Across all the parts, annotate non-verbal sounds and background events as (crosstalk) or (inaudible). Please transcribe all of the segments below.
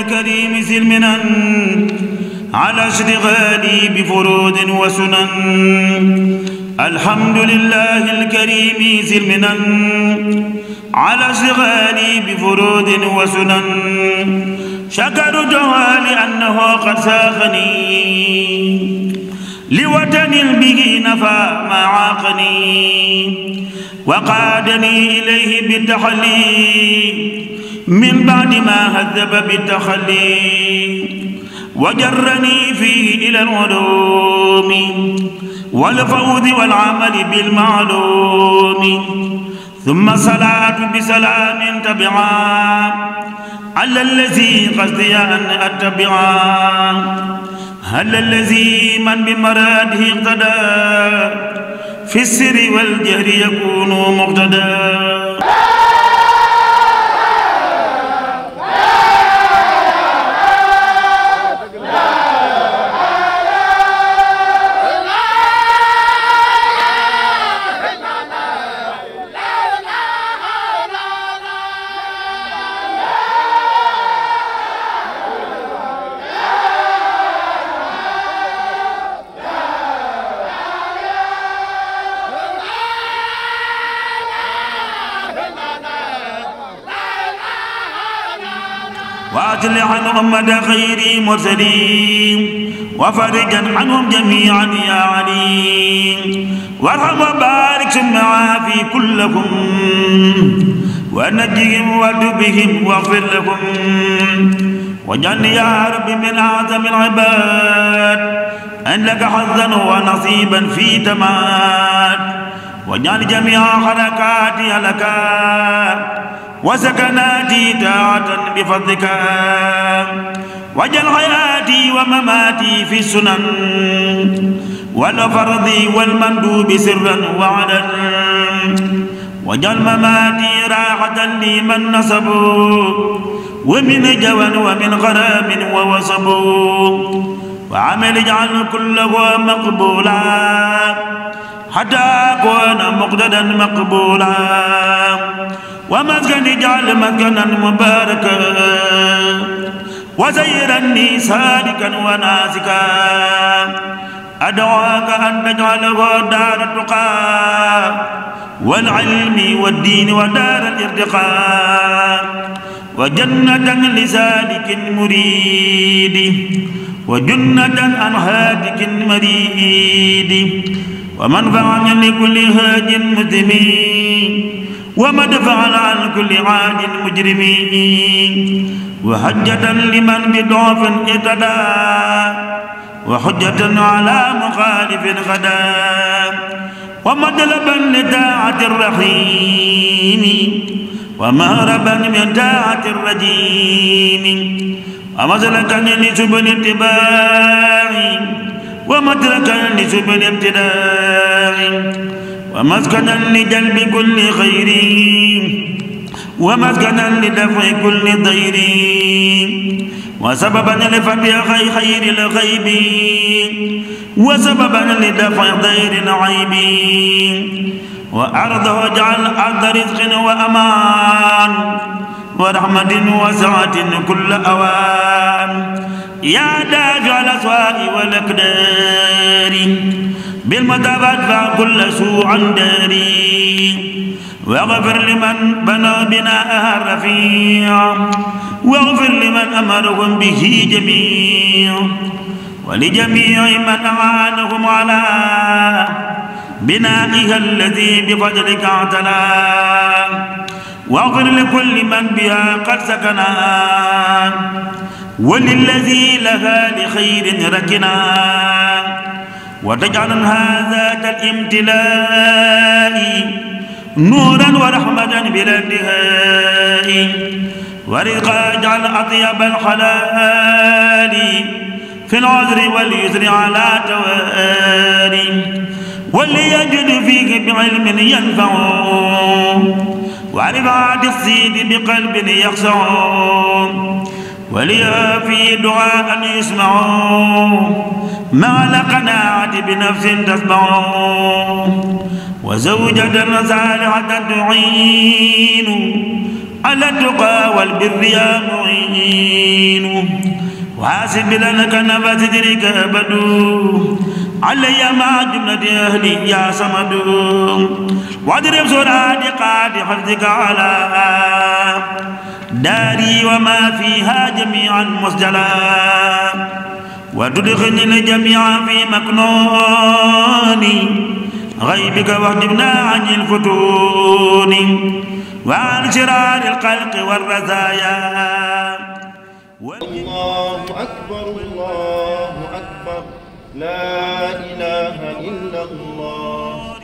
الكريم سلمنا على اشتغالي بفروض وسنن الحمد لله الكريم سلمنا على اشتغالي بفروض وسنن شكرت لأنه قد ساقني لوطن به نفى ما عاقني وقادني إليه بالتحلي من بعد ما هذب بالتخلي وجرني فيه إلى العلوم والفوز والعمل بالمعلوم ثم صلاة بسلام تبعا على الذي قصدي أن أتبعا هل الذي من بمراده اقتدى في السر والجهر يكون مقتدى وأجل عن أمة خير مرسلين وفرج عنهم جميعا يا علي وارحم وبارك ثم عافي كلهم ونجهم وارد بهم واغفر لهم وجعلني يا رب من أعظم العباد أن لك حظا ونصيبا في تمام واجعل جميع حركاتي لك وسكناتي طاعة بفضلك واجعل حياتي ومماتي في السنن والفرض والمندوب سرا وعدا واجعل مماتي راحة لمن نصبوا ومن جوى ومن غرام ووصبوا وعمل اجعل كله مقبولا حتى أكون مقتدا مقبولا ومسكن اجعل مسكنا مباركا وزيرني سالكا وناسكا أدعوك أن تجعله دار التقى والعلم والدين ودار الارتقاء وجنة لسالك مريد وجنة عن هادك مريد ومنفعا لكل هاد مذنب ومن فعل عن كل عاد مجرمين وحجة لمن بضعف اقتدى وحجة على مخالف غدا ومطلبا لطاعة الرحيم ومهربا من طاعة الرجيم ومسلكا لسبل اتباع ومدركا لسبل ابتداع ومسكنا لجلب كل خير ومسكنا لدفع كل ضير وسببا لفتح خير الغيب وسببا لدفع ضير العيب وأرضه جعل أرض رزق وأمان ورحمة وسعة كل أوان يا داج الأسواق والأقدار بالمتابعة فكل سوء داري واغفر لمن بنى بناءها الرفيع واغفر لمن أمرهم به جميع ولجميع من أعانهم على بنائها الذي بفضلك اعتلى واغفر لكل من بها قد سكنا وللذي لها لخير ركنا وتجعل هذا كالامتلاء نورا ورحمة بلا انتهاء ورزقا اجعل أطيب الحلال في العذر واليسر على توالي وليجد فيك بعلم ينفع ولبعد الصيد بقلب يخشع وليا في دعاء يسمع مع القناعة بنفس تسمع وزوجة صالحة تعين على التقى والبر يا معين وحاسب لك نفس تدرك أبدو علي مع جملة أهلي يا صمد واضرب سرادق حفظك على داري وما فيها جميعا مسجلا وتدخلني الجميع في مكنوني غيبك واهدمنا عن الفتون وعن شرار القلق والرزايا الله أكبر الله أكبر لا إله إلا الله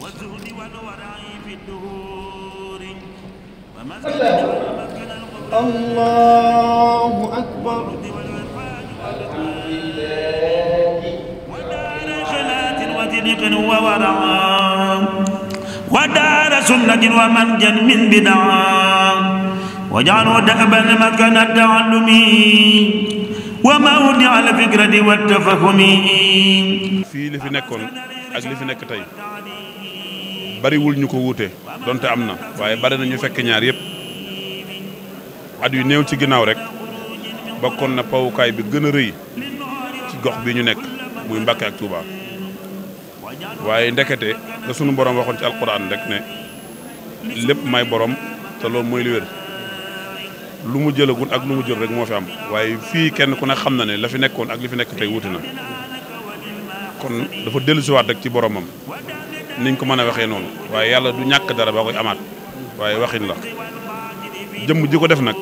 والزهد والورع في الدهور الله أكبر صدق وورعا ودار سنة ومنجا من بدعا وجعلوا دأبا مكان التعلم wa mawdi ala fikrati wa tafahumi fii li fi nekkoon ak li fi nekk tey bariwul ñu ko wuute donte am na waaye bari na ñu fekk ñaar yëpp at yu néew ci ginnaaw rek bokkoon na pawukaay bi gën a rëy ci gox bi ñu nekk muy Mbàkke ak Touba waaye ndekete la sunu borom waxoon ci alquran rek ne lépp may boroom te loolu mooy li wér lu mu jëlagul ak lu mu jël rek moo fi am waaye fii kenn ku ne xam na ne la fi nekkoon ak li fi nekk tey wuute na kon dafa dellusiwaat rek ci boromam niñ ko mën a waxee noonu waaye yàlla du ñàkk dara ba koy amaat waaye waxin la jëmm ji ko def nag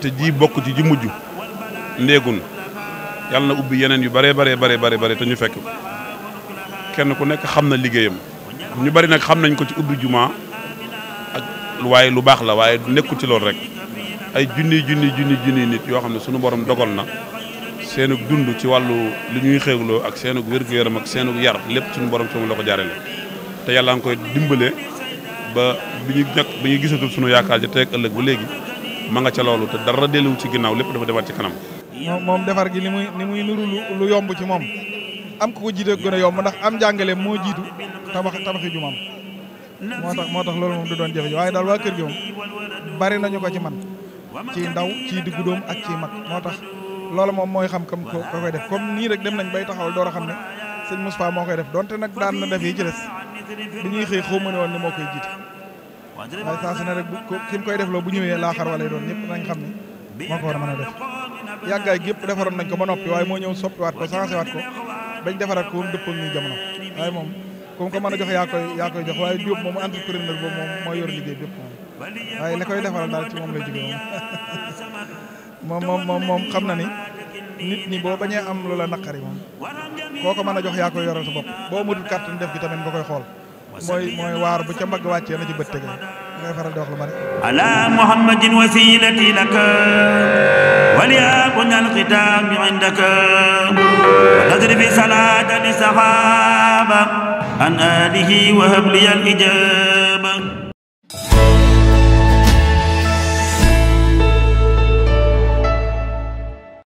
te ji bokk ci ji mujj ndéegun yàlla na ubbi yeneen yu bare bare bare bare bare te ñu fekk kenn ku nekk xam na liggéeyam ñu bari nag xam nañ ko ci ubbi jumaa ak waaye lu baax la waaye nekkul ci loolu rek ay junni junni junni junni nit yoo xam ne suñu borom dogal na seenug dund ci wàllu li ñuy xéwloo ak seenug wér-gu-yaram ak seenug yar lépp suñu borom sama la ko jaarale te yàlla nga koy dimbale ba bi ñu ñàkk bi ñu gisatul suñu yaakaar ja tey ak ëllëg ba léegi ma nga ca loolu te dara delluwu ci ginnaaw lépp dafa demaat ci kanam. moom defar gi li muy li muy nuru lu yomb ci moom am ku ko jiite gën a yomb ndax am njàngale moo jiitu tabax tabaxi jumaam moo tax moo tax loolu moom du doon jafe waaye daal waa kër gi moom bari nañu ko ci man ci ndaw ci diggu doom ak ci mag moo tax loolu moom mooy xam kam ko koy def comme nii rek dem nañ bay taxawal doo a xam ne sëñ Moustapha moo koy def donte nag daan na def yi ci des bi ñuy xëy xaw ma woon ni moo koy jiite waaye saa su ne rek bu ko koy def loo bu ñëwee laaxar walay doon ñëpp nañ xam ne moo ko war a mën a def yàggaay gi yëpp defaroon nañ ko ba noppi waaye moo ñëw soppiwaat ko changé waat ko bañ defaraat ko ba mu ñuy jamono waaye moom comme que mën a jox yaa koy yaa koy jox waaye Diop moom entrepreneur boobu moom moo yor liggéey bépp moom waaye la koy defaral daal ci moom lay jógee (laughs) moom moom moom moom xam na ni nit ñi boo bañee am la naqari moom koo ko mën a jox yaa koy yoral sa bopp boo mutul kàttan def gi tamit nga koy xool mooy mooy waar bu ca mbagg wàccee na ci bët tege ngay faral di wax lu bari ala muhammadin wasilati laka wali abun alxitaami indaka nadri bi salaata li sahaba an aalihi wa habliya al ijaab